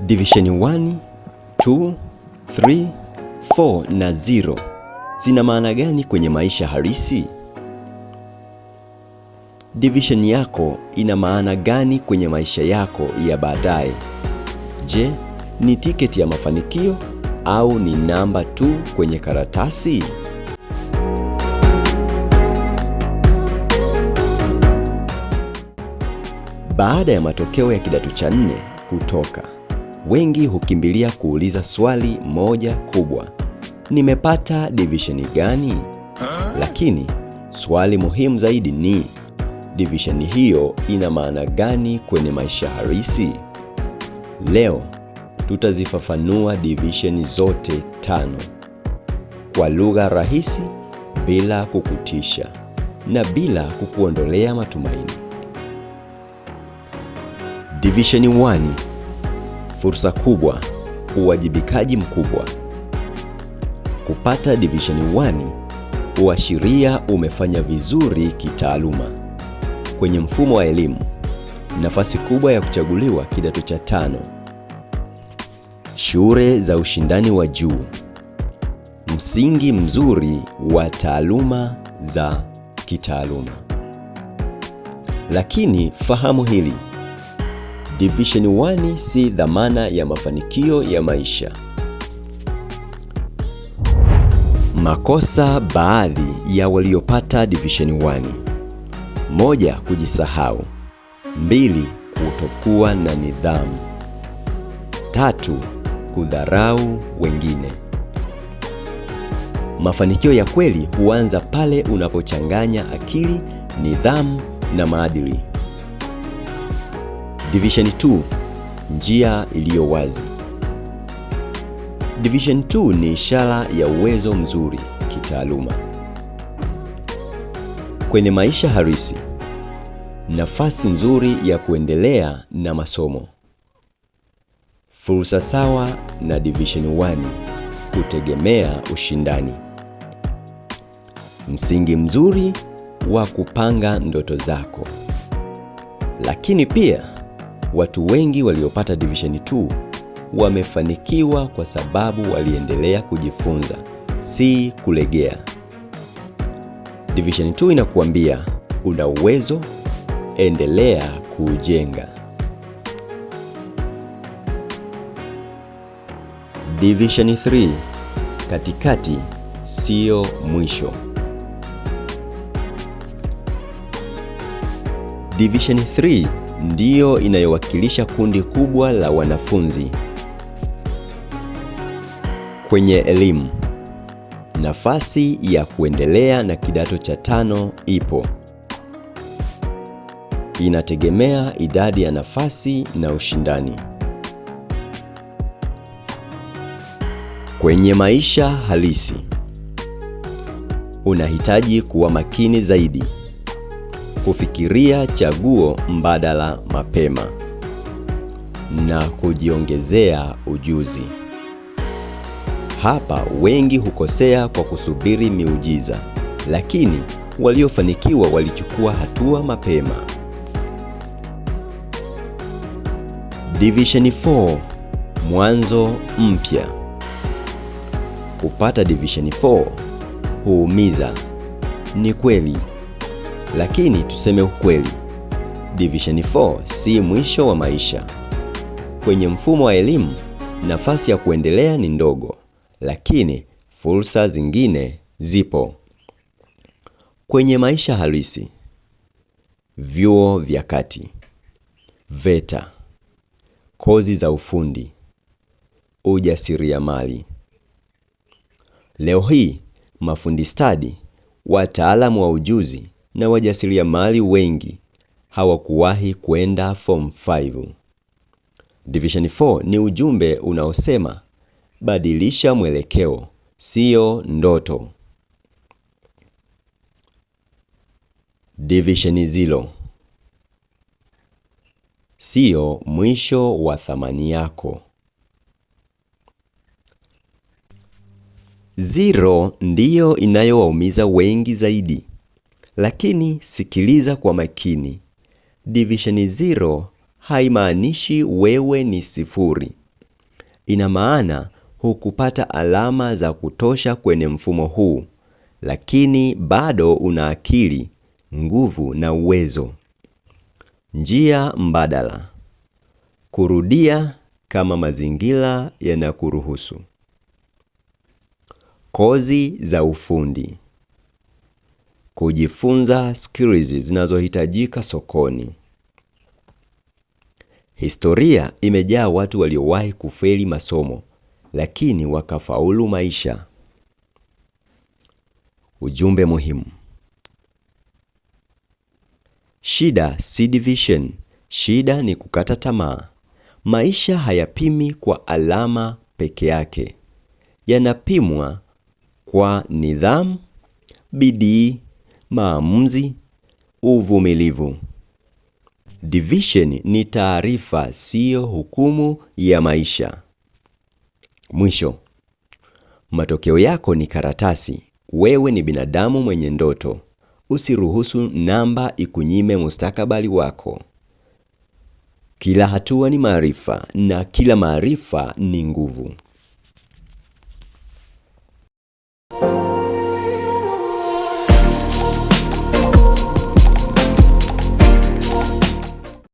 Division 1, 2, 3, 4 na 0 zina maana gani kwenye maisha halisi? Division yako ina maana gani kwenye maisha yako ya baadaye? Je, ni tiketi ya mafanikio au ni namba tu kwenye karatasi? Baada ya matokeo ya kidato cha nne kutoka wengi hukimbilia kuuliza swali moja kubwa, nimepata divisheni gani? Lakini swali muhimu zaidi ni divisheni hiyo ina maana gani kwenye maisha halisi? Leo tutazifafanua divisheni zote tano kwa lugha rahisi, bila kukutisha na bila kukuondolea matumaini. Divisheni 1 fursa kubwa, uwajibikaji mkubwa. Kupata division 1 huashiria umefanya vizuri kitaaluma kwenye mfumo wa elimu, nafasi kubwa ya kuchaguliwa kidato cha tano, shule za ushindani wa juu, msingi mzuri wa taaluma za kitaaluma. Lakini fahamu hili Division 1 si dhamana ya mafanikio ya maisha. Makosa baadhi ya waliopata Division 1: moja, kujisahau; mbili, kutokuwa na nidhamu; tatu, kudharau wengine. Mafanikio ya kweli huanza pale unapochanganya akili, nidhamu na maadili. Division 2 njia iliyo wazi. Division 2 ni ishara ya uwezo mzuri kitaaluma. Kwenye maisha halisi, nafasi nzuri ya kuendelea na masomo. Fursa sawa na Division 1 kutegemea ushindani. Msingi mzuri wa kupanga ndoto zako. Lakini pia Watu wengi waliopata division 2 wamefanikiwa kwa sababu waliendelea kujifunza, si kulegea. Division 2 inakuambia una uwezo, endelea kuujenga. Division 3 katikati sio mwisho. Division ndiyo inayowakilisha kundi kubwa la wanafunzi. Kwenye elimu, nafasi ya kuendelea na kidato cha tano ipo. Inategemea idadi ya nafasi na ushindani. Kwenye maisha halisi, unahitaji kuwa makini zaidi kufikiria chaguo mbadala mapema na kujiongezea ujuzi. Hapa wengi hukosea kwa kusubiri miujiza, lakini waliofanikiwa walichukua hatua mapema. Division 4 mwanzo mpya. Kupata division 4 huumiza, ni kweli lakini tuseme ukweli, Division 4 si mwisho wa maisha. Kwenye mfumo wa elimu, nafasi ya kuendelea ni ndogo, lakini fursa zingine zipo. Kwenye maisha halisi, vyuo vya kati, VETA, kozi za ufundi, ujasiriamali. Leo hii mafundi stadi, wataalamu wa ujuzi na wajasiriamali wengi hawakuwahi kwenda form 5. Division 4 ni ujumbe unaosema badilisha mwelekeo, sio ndoto. Division 0 sio mwisho wa thamani yako. Zero ndiyo inayowaumiza wengi zaidi. Lakini sikiliza kwa makini. Division 0 haimaanishi wewe ni sifuri. Ina maana hukupata alama za kutosha kwenye mfumo huu, lakini bado una akili, nguvu na uwezo. Njia mbadala: kurudia kama mazingira yanakuruhusu. Kozi za ufundi kujifunza skills zinazohitajika sokoni. Historia imejaa watu waliowahi kufeli masomo lakini wakafaulu maisha. Ujumbe muhimu: shida si division, shida ni kukata tamaa. Maisha hayapimi kwa alama peke yake, yanapimwa kwa nidhamu, bidii maamuzi, uvumilivu. Division ni taarifa, siyo hukumu ya maisha. Mwisho, matokeo yako ni karatasi. Wewe ni binadamu mwenye ndoto. Usiruhusu namba ikunyime mustakabali wako. Kila hatua ni maarifa na kila maarifa ni nguvu.